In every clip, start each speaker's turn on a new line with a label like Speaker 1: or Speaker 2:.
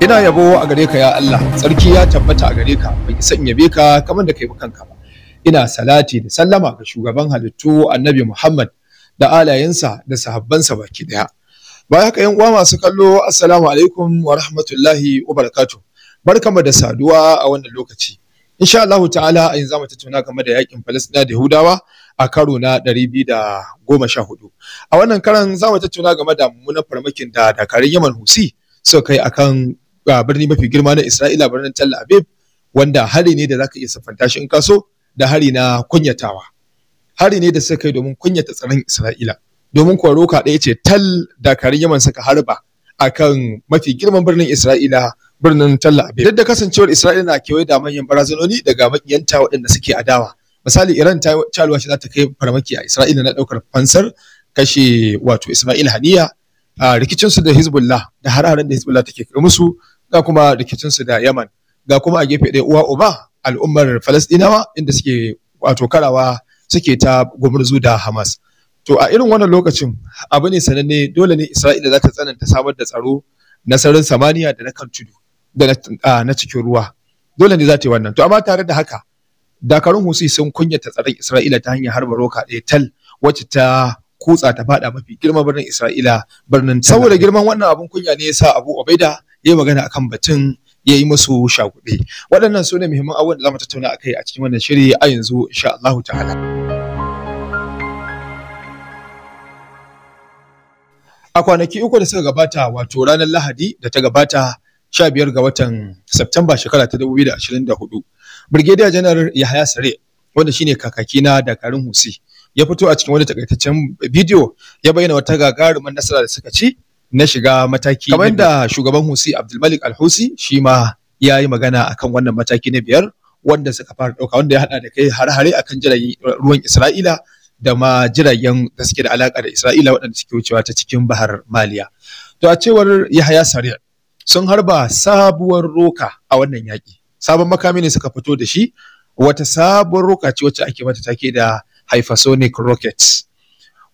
Speaker 1: ina yabo a gare ka ya Allah tsarki ya tabbata a gare ka ban san yabe ka kamar da kai kanka ba ina salati da sallama ga shugaban halittu annabi Muhammad da alayensa da sahabbansa baki daya baya haka yan uwa masu kallo assalamu alaikum wa rahmatullahi wa barakatuh barkamu da saduwa a wannan lokaci insha Allah ta'ala a yanzu za mu tattauna game da yakin Falasɗina da Yahudawa a karo na 214 a wannan karan za mu tattauna game da mummunan farmakin da dakarun Yaman Husi suka kai akan birni mafi girma na Isra'ila birnin Tel Aviv wanda hari ne da za ka iya siffanta shi in ka so da hari na kunyatawa hari ne da suka kai domin kunyata tsaron Isra'ila domin kuwa roka ɗaya ce tal dakarun Yaman suka harba kan mafi girman birnin Isra'ila birnin Tel Aviv duk da kasancewar Isra'ila na kewaye da manyan barazanoni daga makiyanta waɗanda suke adawa misali Iran ta calwa shi za ta kai farmaki a Isra'ila na ɗaukar fansar kashe wato Ismail Haniya a rikicinsu da Hezbollah da har da Hezbollah take kai musu ga kuma rikicinsu da Yaman ga kuma a gefe ɗaya uwa uba al'ummar falastinawa inda suke wato karawa suke ta gumurzu da Hamas to a irin wannan lokacin abu ne sananne dole ne Isra'ila za ta tsananta samar da tsaro na sararin samaniya da na kan tudu da na cikin ruwa dole ne za ta yi wannan to amma tare da haka dakarun Husi sun kunyata tsaron Isra'ila ta hanyar harba roka ɗaya tal wacce ta kutsa ta fada mafi girman birnin Isra'ila birnin Saboda girman wannan abun kunya ne ya sa Abu Ubaida ya magana akan batun ya yi musu shaguɓe waɗannan su ne muhimman abubuwan da za mu tattauna akai a cikin wannan shiri a yanzu insha Allah ta'ala a kwanaki uku da suka gabata wato ranar lahadi da ta gabata 15 ga watan Septemba shekara ta 2024 Brigadier General Yahaya Sare wanda shine kakaki na Dakarun Husi ya fito a cikin wani takaitaccen bidiyo ya bayyana wata gagarumin nasara da suka ci na shiga mataki kamar da shugaban Husi Abdulmalik Al-Husi shi ma ya yi magana akan wannan mataki na biyar wanda suka fara ɗauka wanda ya haɗa da kai har-hare akan jiragen ruwan Isra'ila da ma jiragen da suke da alaƙa da Isra'ila waɗanda suke wucewa ta cikin bahar Maliya. To a cewar Yahaya Sariya sun harba sabuwar roka a wannan yaki. Sabon makami ne suka fito da shi wata sabuwar roka ce wacce ake mata take da hypersonic roket.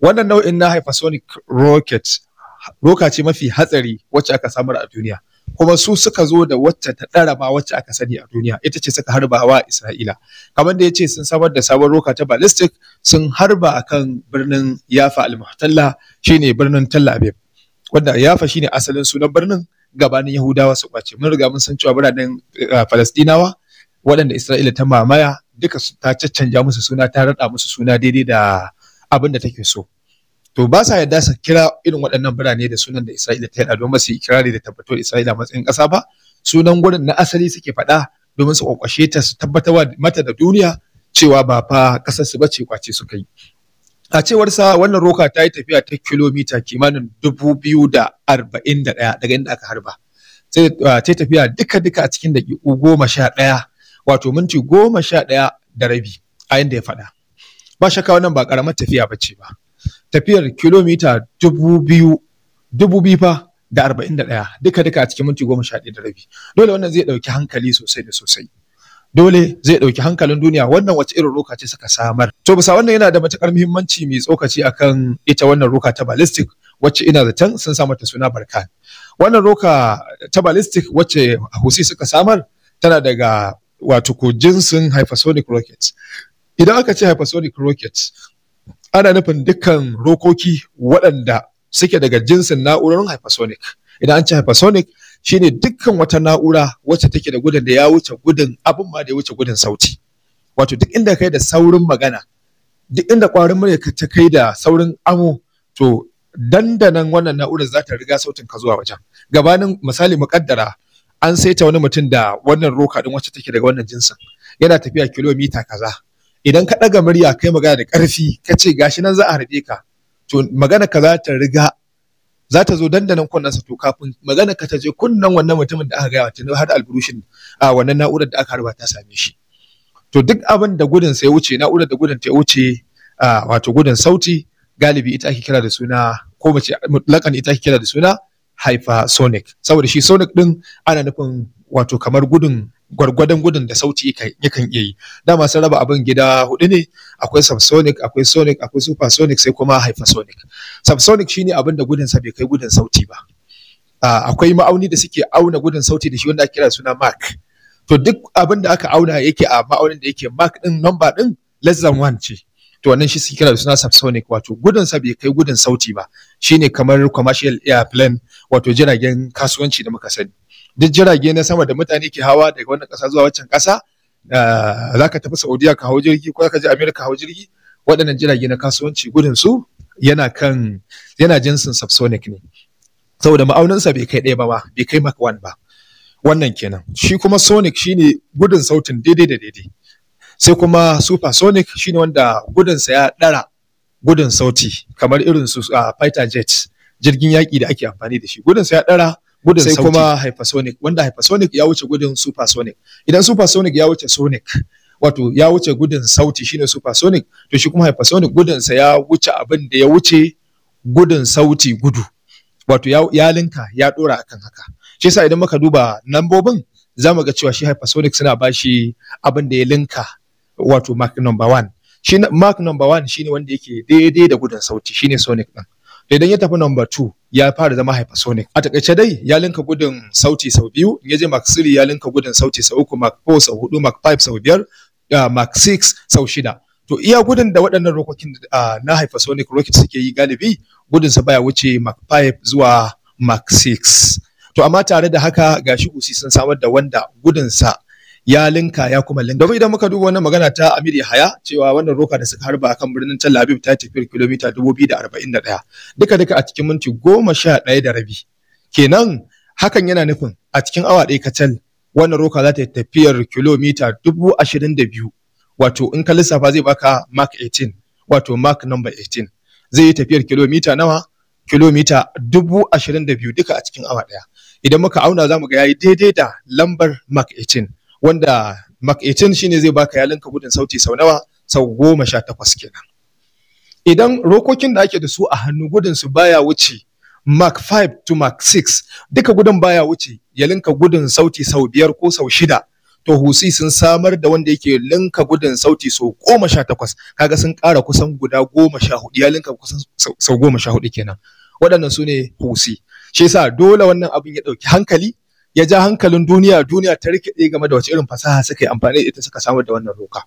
Speaker 1: Wannan nau'in na hypersonic roket. roka ce mafi hatsari wacce aka samar a duniya kuma su suka zo da wacce ta ɗara wacce aka sani a duniya ita ce suka harba wa Isra'ila kamar da ya ce sun samar da sabon roka ta ballistic sun harba a kan birnin Yafa al-Muhtalla shine birnin Tel Aviv wanda Yafa shine asalin sunan birnin gabanin Yahudawa su kwace mun riga mun san cewa biranen eh, Falastinawa waɗanda Isra'ila ta mamaya duka ta caccanja musu suna ta raɗa musu suna daidai da abin da take so to ba sa yadda su kira irin waɗannan birane da sunan da Isra'ila ta yada don ba su yi kirari da tabbatar Isra'ila matsayin ƙasa ba sunan gurin na asali suke faɗa domin su kwakwashe ta su tabbatar mata da duniya cewa ba fa ƙasar su bace kwace suka yi a cewar sa wannan roka ta yi tafiya ta kilomita kimanin dubu biyu da arba'in da ɗaya daga inda aka harba sai ta tafiya duka duka a cikin daƙiƙu goma sha ɗaya wato minti goma sha ɗaya da rabi a yanda ya faɗa ba shakka wannan ba ƙaramar tafiya ce ba tafiyar kilomita dubu biyu dubu biyu fa da arba'in da ɗaya duka duka a cikin minti goma sha ɗaya da rabi dole wannan zai ɗauki hankali sosai da sosai dole zai ɗauki hankalin duniya wannan wace irin roka ce suka samar to bisa wannan yana da matuƙar muhimmanci mai tsokaci akan ita wannan roka ta ballistic wacce ina zaton sun samar ta suna barkan wannan roka ta ballistic wacce husi suka samar tana daga wato kujinsin jinsin hypersonic rockets idan aka ce hypersonic rockets ana nufin dukkan rokoki waɗanda suke daga jinsin na'urar hypersonic idan an ce hypersonic shine dukkan wata na'ura wacce take da gudun da ya wuce gudun abin ma da ya wuce gudun sauti wato duk inda kai da saurin magana duk inda ƙwarin murya ta kai da saurin amo to dandanan wannan na'urar za ta riga sautin ka zuwa wajen gabanin misali muƙaddara an saita wani mutum da wannan roka din wacce take daga wannan jinsin yana tafiya kilomita kaza idan ka ɗaga murya kai magana da ƙarfi ka ce gashi nan za a harbe ka to magana ka za ta riga za ta zo dandanan sa, to kafin magana ka ta je kunnen wannan mutumin da aka gaya tun har alburushin a wannan na'urar da aka harba ta same shi to duk abin da gudun sai wuce na'urar da gudun ta wuce wato gudun sauti galibi ita ake kira da suna ko mace mutlakan ita ake kira da suna hypersonic saboda shi sonic din ana nufin wato kamar gudun gwargwadon gudun da sauti yakan iya yi dama sun raba abin gida hudu ne akwai subsonic akwai sonic akwai supersonic sai kuma hypersonic subsonic shine abin da gudun sa bai kai gudun sauti ba akwai ma'auni da suke auna gudun sauti da shi wanda ake kira suna mark to duk abin da aka auna yake a ma'aunin da yake mark din number din less than one ce to wannan shi suke kira da suna subsonic wato gudun sa bai kai gudun sauti ba shine kamar commercial airplane wato jiragen kasuwanci da muka sani duk jirage na sama da mutane ke hawa daga wannan ƙasa zuwa waccan ƙasa eh, za ka tafi saudiya ka hau jirgi ko ka je amerika hau jirgi waɗannan jirage na kasuwanci gudun su yana kan yana jinsin subsonic ne saboda ma'auninsa bai kai ɗaya ba ma, bai kai mak one ba wannan kenan shi kuma sonic shine gudun sautin daidai da daidai sai kuma supersonic shine wanda gudunsa ya ɗara gudun sauti kamar irin su a ah, fighter jet jirgin yaƙi da ake amfani da shi gudunsa ya ɗara gudun sai kuma hypersonic wanda hypersonic ya wuce gudun supersonic idan supersonic ya wuce sonic wato ya wuce gudun sauti shine supersonic to shi kuma hypersonic gudunsa ya wuce abin da ya wuce gudun sauti gudu wato ya, ya linka ya dora akan haka shi yasa idan muka duba lambobin za mu ga cewa shi hypersonic suna ba shi abin da ya linka wato mark number one shi mark number one shine wanda yake daidai da gudun sauti shine sonic din idan ya tafi number 2 ya fara zama hypersonic a takaice dai ya linka gudun sauti sau biyu in ya je mark 3 ya linka gudun sauti sau uku mark 4 sau hudu mark 5 sau biyar mark 6 sau shida to iya gudun da waɗannan rokokin na hypersonic rocket suke yi galibi gudunsa baya wuce mark 5 zuwa mark 6 to amma tare da haka gashi usi sun samar da wanda gudunsa ya linka ya kuma linka domin idan muka duba wannan magana ta Amir Yahaya cewa wannan roka da suka harba kan birnin Tel Aviv ta tafi kilomita ɗaya duka duka a cikin minti goma sha ɗaya da rabi kenan hakan yana nufin a cikin awa ɗaya kacal wannan roka za ta yi tafiyar kilomita 22 wato in ka lissafa zai baka mark 18 wato mark number 18 zai yi tafiyar kilomita nawa kilomita 22 duka a cikin awa ɗaya idan muka auna za mu ga yi daidai da lambar mark 18 wanda Mark 18 shine zai baka yalinka gudun sauti sau nawa sau goma sha takwas kenan. Idan rokokin da ake da su a hannu gudun su baya wuce Mark 5 to Mark 6 duka gudun baya wuce ya linka gudun sauti sau biyar ko sau shida to husi sun samar da wanda yake linka gudun sauti sau goma sha takwas kaga sun kara kusan guda goma sha hudu ya linka kusan sau goma sha hudu kenan waɗannan su ne husi shi yasa dole wannan abin ya ɗauki hankali ya ja hankalin duniya duniya ta rike rikide game da wace irin fasaha suka yi amfani da ita suka samar da wannan roka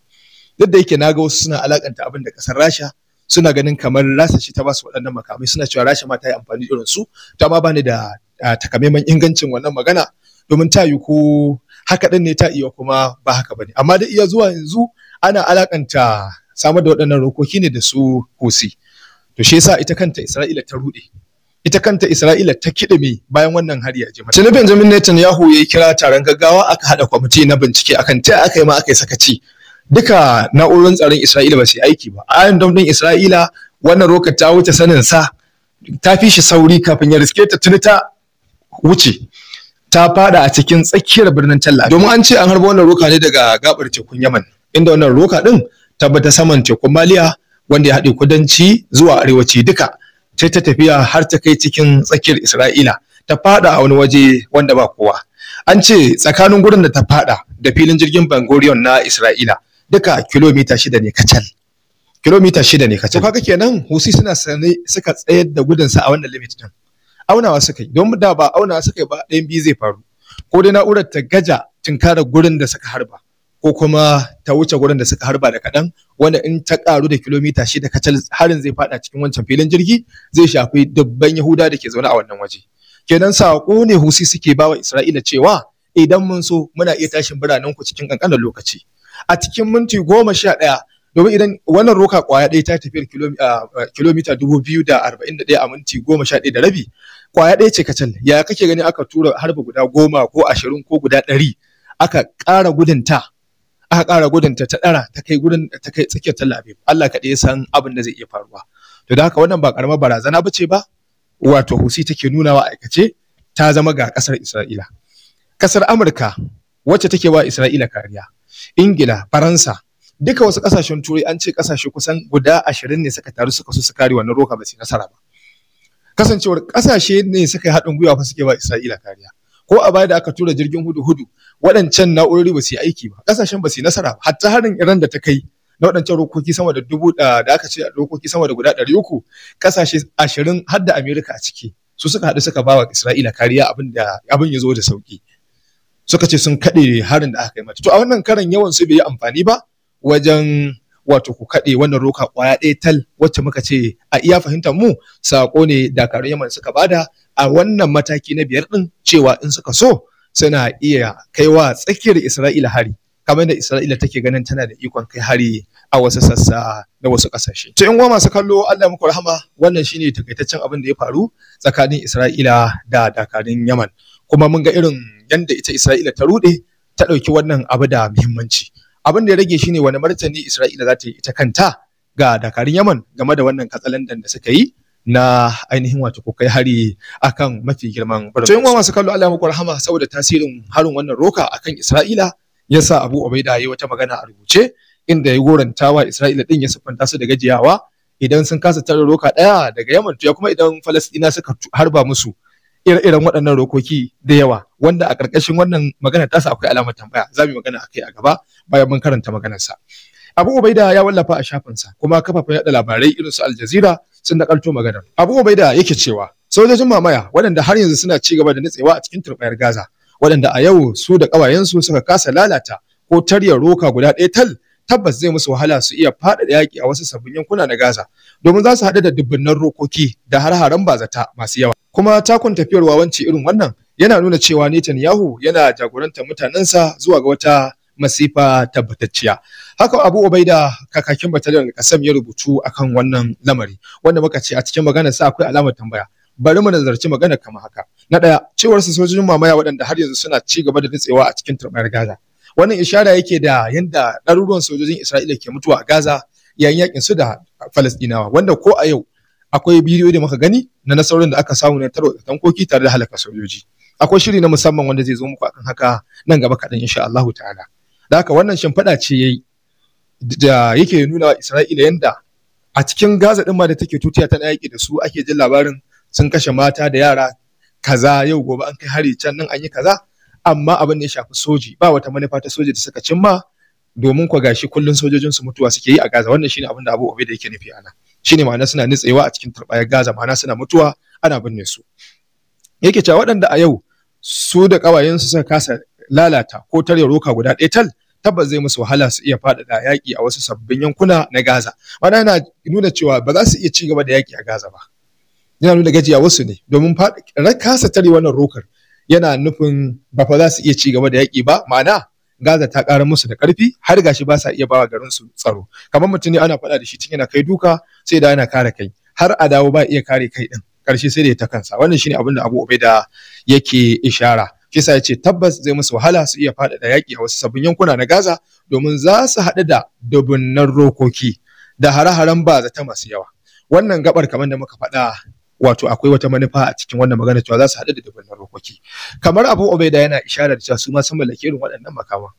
Speaker 1: duk da yake na ga wasu suna alakanta abin da kasar rasha suna ganin kamar rasa shi ta basu waɗannan makamai suna cewa rasha ma ta yi amfani irin su ta ma bani da ah, takamaiman ingancin wannan magana domin ta yi ko haka ɗin ne ta iya kuma ba haka ba ne. amma da iya zuwa yanzu ana alakanta samar da waɗannan rokoki ne da su husi to shi yasa ita kanta isra'ila ta ruɗe ita kanta Isra'ila ta kiɗime bayan wannan hari ya jima. Tuni Benjamin Netanyahu ya kira taron gaggawa aka haɗa kwamiti na bincike akan ta aka yi ma aka yi sakaci. Duka na'urorin tsaron Isra'ila ba su aiki ba. Ayon damdin Isra'ila wannan roka ta wuce sanin sa ta fi shi sauri kafin ya riske ta tuni ta wuce. Ta fada a cikin tsakiyar birnin Tel Aviv. Domin an ce an harba wannan roka ne daga gabar tekun Yaman, inda wannan roka din tabbata saman tekun Maliya wanda ya haɗe kudanci zuwa arewaci duka. sai ta tafiya har ta kai cikin tsakiyar Isra'ila ta fada a wani waje wanda ba kowa an ce tsakanin gurin da ta fada da filin jirgin Bangoriyon na Isra'ila duka kilomita shida ne kacal kilomita shida ne kacal kaga kenan husi suna sane suka tsayar da gudunsa a wannan limit din aunawa suka yi don da ba aunawa suka yi ba ɗayan biyu zai faru ko dai na'urar ta gaja tinkarar gurin da suka harba ko kuma ta wuce gurin da suka harba da kaɗan wanda in ta ƙaru da kilomita shida kacal harin zai faɗa cikin wancan filin jirgi zai shafi dubban yahuda da ke zaune a wannan waje kenan saƙo ne husi suke bawa isra'ila cewa idan mun so muna iya tashin biranen ku cikin ƙanƙanin lokaci a cikin minti goma sha ɗaya domin idan wannan roka kwaya ɗaya ta tafiyar kilomita dubu biyu da arba'in da ɗaya a minti goma sha ɗaya da rabi kwaya ɗaya ce kacal ya kake gani aka tura harba guda goma ko ashirin ko guda ɗari aka ƙara gudunta aka ƙara gudun ta ta ɗara ta kai gudun ta kai tsakiyar Tel Aviv Allah kaɗai ya san abin da zai iya faruwa to da haka wannan ba karamar barazana ba ce ba wato Husi take wa aikace ta zama ga ƙasar Isra'ila ƙasar Amurka wacce take wa Isra'ila kariya Ingila Faransa duka wasu ƙasashen turai an ce ƙasashe kusan guda ashirin ne suka taru suka su su kare wannan roka ba su nasara ba kasancewar ƙasashe ne suka yi haɗin gwiwa fa suke ba Isra'ila kariya ko a baya da aka tura jirgin hudu hudu waɗancan na'urori ba su yi aiki ba ƙasashen ba su yi nasara ba hatta harin iran da ta kai na waɗancan rokoki sama da dubu da aka ce rokoki sama da guda ɗari uku ƙasashe ashirin har da amerika a ciki su suka haɗu suka bawa isra'ila kariya abin abin ya zo da sauki suka ce sun kaɗe harin da aka kai mata to a wannan karan yawan su bai yi amfani ba wajen wato ku kaɗe wannan roka ƙwaya ɗaya tal wacce muka ce a iya fahimtar mu saƙo ne dakarun yaman suka bada a wannan mataki na biyar ɗin cewa in suka so suna iya kai wa tsakiyar isra'ila hari kamar da isra'ila take ganin tana da ikon kai hari a wasu sassa na wasu ƙasashe. To in goma masu kallo Allah muku rahama wannan shine takaitaccen abin da ya faru tsakanin Isra'ila da dakarun Yaman. Kuma mun ga irin yadda ita Isra'ila ta ruɗe ta ɗauki wannan abu da muhimmanci. abin da ya rage shine wani martani Isra'ila za ta yi ita kanta ga dakarun Yaman game da wannan katsalandan da suka yi na ainihin wato ko kai hari akan mafi girman birnin. Tun masu kallo Allah muku rahama saboda tasirin harin wannan roka akan Isra'ila ya yasa Abu Ubaida yi wata magana a rubuce inda ya goranta wa Isra'ila din ya siffanta su da gajiyawa idan sun kasa tare roka daya daga Yaman to ya kuma idan Falastina suka harba musu ire-iren waɗannan rokoki da yawa wanda a ƙarƙashin wannan magana ta sa akwai alamar tambaya za mu yi magana akai a gaba bayan mun karanta maganarsa. Abu Ubaida ya wallafa a shafinsa kuma kafafen yaɗa labarai irin su Al Jazeera sun nakalto maganar. Abu Ubaida yake cewa sojojin mamaya waɗanda har yanzu suna ci gaba da nitsewa a cikin turbayar Gaza waɗanda a yau su da su suka kasa lalata ko tarya roka guda ɗaya tal tabbas zai musu wahala su iya faɗaɗa yaƙi a wasu sabbin yankuna na Gaza domin za su haɗu da dubbunan rokoki da har-haren bazata masu yawa. kuma takun tafiyar wawanci irin wannan yana nuna cewa Netanyahu yana jagorantar mutanensa zuwa ga wata masifa tabbatacciya. Haka Abu Ubaida kakakin bataliyar Kasam ya rubutu akan wannan lamari wanda muka ce a cikin maganar sa akwai alamar tambaya. Bari mu nazarci maganar kamar haka. Na ɗaya, cewar su sojojin mamaya waɗanda har yanzu suna ci gaba da nutsewa a cikin turɓar Gaza. Wannan ishara yake da yadda ɗaruruwan sojojin Isra'ila ke mutuwa a Gaza yayin yakin su da falastinawa wanda ko a yau akwai bidiyo da muka gani na nasarorin da aka samu na tarwatsa tankoki tare da halaka sojoji akwai shiri na musamman wanda zai zo muku akan haka nan gaba kaɗan insha Allahu ta'ala da haka wannan shimfiɗa ce yayi da yake nuna wa Isra'ila yanda a cikin Gaza din ma da take tutiya tana yaƙi da su ake jin labarin sun kashe mata da yara kaza yau gobe an kai hari can nan an yi kaza amma abin da ya shafi soji ba wata manufa ta soji da suka cimma domin kwa gashi kullun sojojin su mutuwa suke yi a Gaza wannan shine abin da Abu Ubaida yake nufi a nan shine ma'ana suna nitsewa a cikin turbayar gaza ma'ana suna mutuwa ana binne su yake cewa waɗanda a yau su da ƙawayensu suka kasa lalata ko tarya roka guda ɗaya tal tabbas zai musu wahala su iya faɗaɗa yaƙi a wasu sabbin yankuna na Gaza. ma'ana yana nuna cewa ba za su iya ci gaba da yaƙi a Gaza ba. Yana nuna gajiya wasu ne domin kasa tare wannan rokar yana nufin ba fa za su iya ci gaba da yaƙi ba ma'ana Gaza ta ƙara musu da ƙarfi har gashi ba sa iya bawa garin su tsaro kamar mutum ne ana faɗa da shi tun yana kai duka sai da yana kare kai har a dawo ba iya kare kai ɗin ƙarshe sai da ta kansa wannan shine abin da Abu Ubaida yake ishara kisa ya ce tabbas zai musu wahala su iya faɗaɗa yaƙi a wasu sabbin yankuna na Gaza domin za su haɗu da dubunnan rokoki da hare-haren ba ta masu yawa wannan gabar kamar da muka faɗa wato akwai wata manufa a cikin wannan magana cewa za su haɗu da dubannin rokoki kamar abu obeda yana ishara da cewa su ma sun mallaki irin waɗannan makaman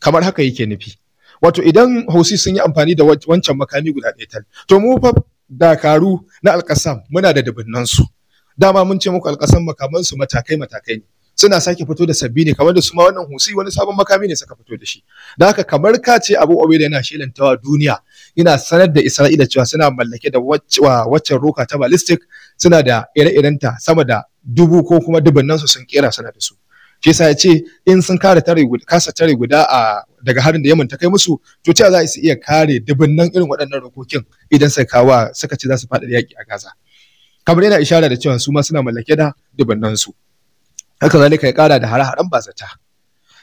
Speaker 1: kamar haka yake nufi wato idan hausi sun yi amfani da wancan makami guda ɗaya tal to mu fa dakaru na alƙasam muna da dubunnan su dama mun ce muku alƙasam makaman su matakai matakai ne suna sake fito da sabbi ne kamar da su ma wannan husi wani sabon makami ne suka fito da shi da haka kamar ka ce abu obe da yana shelantawa duniya yana sanar da isra'ila cewa suna mallake da waccan roka ta ballistic suna da ire ta sama da dubu ko kuma dubannan su sun kera suna da su shi yasa ya ce in sun kare tare guda kasa tare guda a daga harin da yaman ta kai musu to ce za su iya kare dubunnan irin waɗannan rokokin idan suka kawa suka ce za su faɗa yaki a gaza kamar yana ishara da cewa su ma suna mallake da dubannan su haka zalika ya kara da hare-haren bazata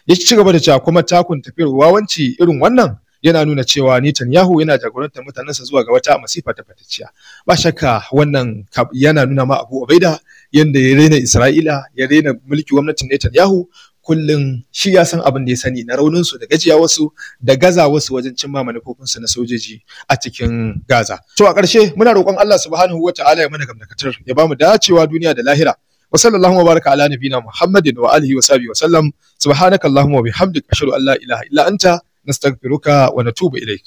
Speaker 1: ya ci gaba da cewa kuma takun tafiyar wawanci irin wannan yana nuna cewa Netanyahu yana jagorantar mutanensa zuwa ga wata masifa ta fatacciya ba shakka wannan yana nuna ma Abu Ubaida yanda ya raina Isra'ila ya raina mulki gwamnatin Netanyahu kullum shi ya san abin da ya sani na raunin su da gajiya wasu da gaza wasu wajen cimma manufofin su na sojoji a cikin Gaza to a ƙarshe muna roƙon Allah subhanahu wataala ya mana gamdakatar ya bamu dacewa duniya da lahira wa sallallahu baraka ala nabina muhammadin wa alihi wa sahbihi wa sallam subhanakallahumma wa bihamdika ashhadu an la ilaha illa anta nastaghfiruka wa natubu ilaik